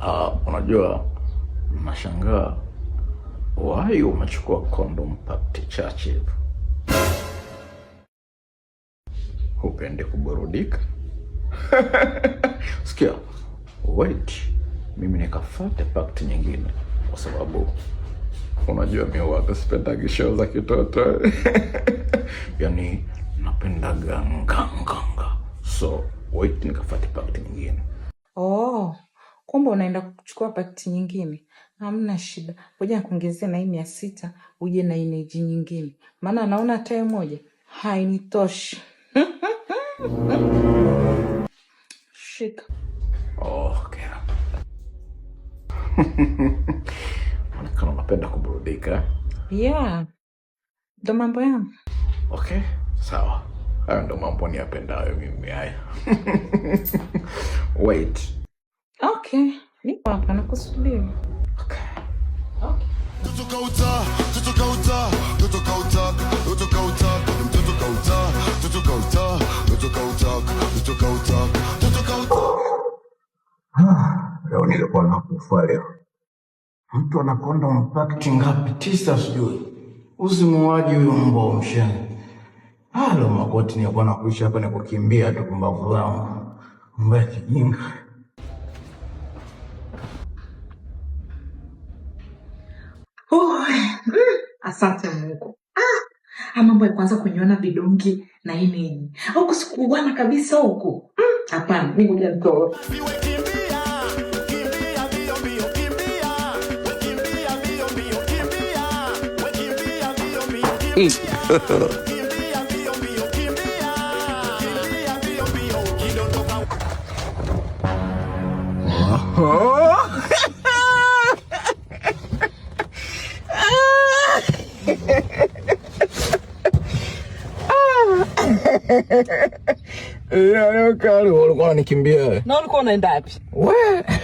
Uh, unajua nashangaa wai umechukua condom pakti chache hivyo, hupende kuburudika? Sikia, wait mimi nikafate pakti nyingine, kwa sababu unajua mi waga sipendagi show za kitoto yani napendaga nganganga, so wait nikafate pakti nyingine. Oh kwamba unaenda kuchukua pakiti nyingine, hamna shida, moja nikuongezee na hii mia sita uje na ineji nyingine, maana naona hata moja hainitoshi. Shika. Oh, okay. Onekana unapenda kuburudika. ya ndo mambo yangu. Okay, sawa, hayo ndo mambo niyapendayo mimi haya. Wait Okay, niko hapa nakusubiri. Leo nilikuwa nakufa leo. Mtu anakonda mpakiti ngapi? Tisa sijui. Usimuaji huyo mbwa umshani. Halo ah, makoti nilikuwa nakuisha hapa ni kukimbia tu kumbavu zangu. Mbaya kijinga. asante mungu ah, mambo ya kwanza kunyona vidongi na nini huku sikuwana kabisa huku hmm, hapana mi Oh! Eh, ulikuwa unanikimbia wewe. Na ulikuwa unaenda wapi? Wewe.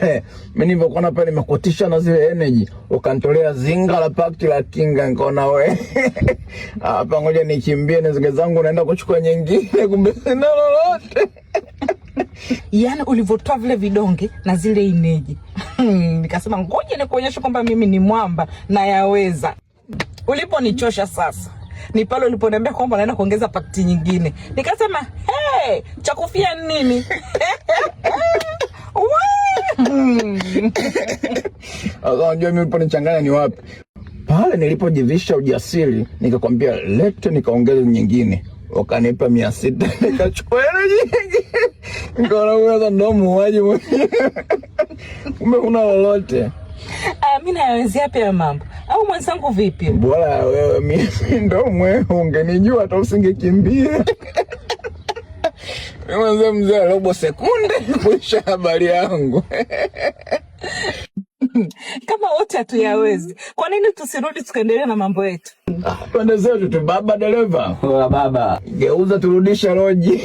Mimi nilivyokuwa nimekutisha na zile energy, ukanitolea zinga la pakti la kinga nikaona wewe. Hapa ngoja nikimbie na zangu naenda kuchukua nyingine kumbe sina lolote. Yaani ulivyotoa vile vidonge na zile nikasema ngoja nikuonyeshe kwamba mimi ni mwamba na yaweza. Uliponichosha sasa ni pale uliponiambia kwamba naenda kuongeza pakti nyingine, nikasema hey, cha kufia nini? Unajua mimi uliponichanganya ni wapi pale nilipojivisha ujasiri, nikakwambia lete, nikaongeza nyingine, wakanipa mia sita nikachukua nyingine, nikaona ndo muuaji mwenyewe, kumbe lolote. Uh, ah, mi pia mambo au mwenzangu vipi? Bora wewe, mimi ndo mwe, ungenijua hata usingekimbia mwanzo. Mzee robo sekunde kuisha habari yangu kama wote hatuyawezi, kwa nini tusirudi tukaendelea na mambo yetu? Pande ah, zetu tu baba dereva. Baba geuza, turudisha roji.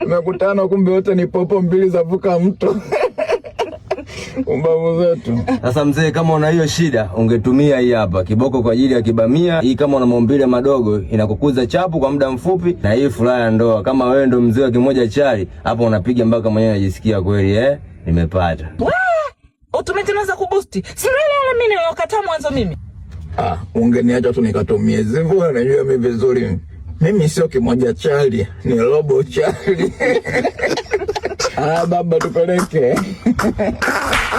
Umekutana kumbe wote ni popo mbili zavuka mto. Mbavu zetu. Sasa mzee, kama una hiyo shida, ungetumia hii hapa kiboko kwa ajili ya kibamia. Hii kama una maumbile madogo, inakukuza chapu kwa muda mfupi, na hii furaha ya ndoa. Kama wewe ndo mzee wa kimoja chali hapo, unapiga mpaka mwenyewe unajisikia kweli, eh, nimepata utumiti naweza kubusti sirele ala, Mimi niliyokataa mwanzo mimi. Ah, ungeniacha tu nikatumie zivu, anajua mimi vizuri. Mimi sio kimoja chali, ni robo chali. Ah, baba tupeleke.